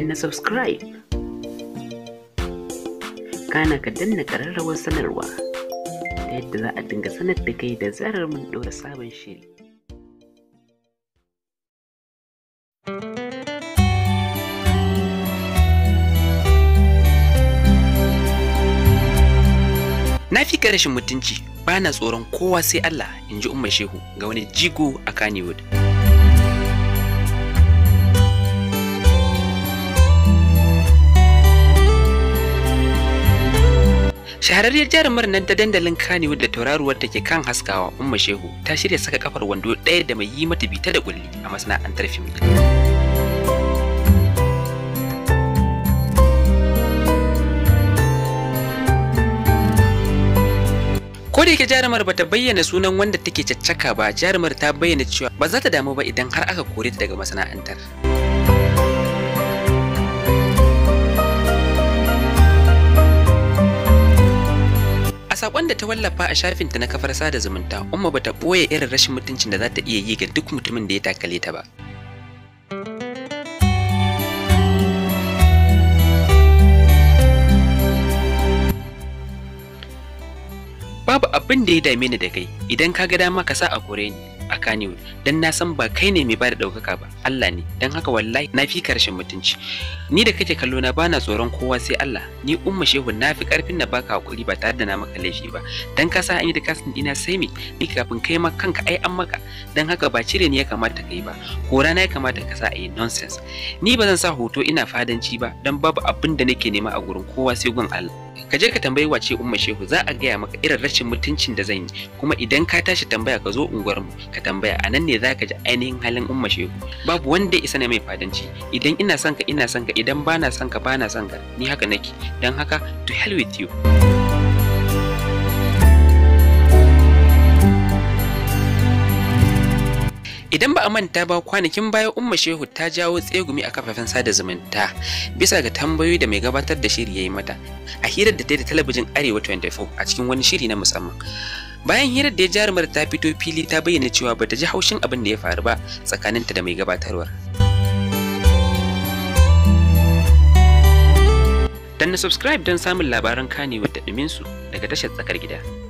danna subscribe kana ka danna ƙararrawar sanarwa ta yadda za a dinga sanar da kai da zarar mun ɗora sabon shiri na fi rashin mutunci bana tsoron kowa sai Allah in ji umar shehu ga wani jigo a Kannywood. shahararriyar jarumar nan ta dandalin kanewood da tauraruwar ke kan haskawa umma shehu ta shirya saka kafar wando ɗaya da mai yi mata bita da kulli a masana'antar fim ko da yake jarumar bata bayyana sunan wanda take caccaka ba jarumar ta bayyana cewa ba za ta damu ba idan har aka kore ta daga masana'antar sakon da ta wallafa a shafinta na kafar sada zumunta, Umma bata boye irin rashin mutuncin da za ta iya yi ga duk mutumin da ya takale ta ba. Babu abin da ya dame ni da kai, idan ka ga dama ka sa a kore ni. a kanewu dan na san ba kai ne mai ba da daukaka ba Allah ne dan haka wallahi na fi karshen mutunci ni da kake kallo na bana tsoron kowa sai Allah ni umma shehu na fi karfin na baka hakuri ba tare da na maka laifi ba dan ka sa an yi da kasin dina sai me ni kafin kai ma kanka ai an maka dan haka ba cire ni ya kamata kai ba kora na ya kamata ka sa a yi nonsense ni ba zan sa hoto ina fadanci ba dan babu abin da nake nema a gurin kowa sai gun Allah ka je ka tambayi wace umma shehu za a gaya maka irin rashin mutuncin da zan yi kuma idan ka tashi tambaya ka zo unguwar mu ka tambaya a nan ne za ka ji ainihin halin umma shehu babu wanda ya isa ne mai fadanci idan ina son ka ina son idan bana son ka bana son ka ni haka nake don haka to hell with you idan ba a manta ba kwanakin baya umma shehu ta jawo tsegumi a kafafen sada zumunta bisa ga tambayoyi da mai gabatar da shiri ya yi mata a hirar da ta yi da talabijin arewa 24 a cikin wani shiri na musamman bayan hirar da ya jarumar ta fito fili ta bayyana cewa bata ji haushin abin da ya faru ba tsakaninta da mai gabatarwar dan na subscribe don samun labaran kanewa da ɗuminsu daga tashar tsakar gida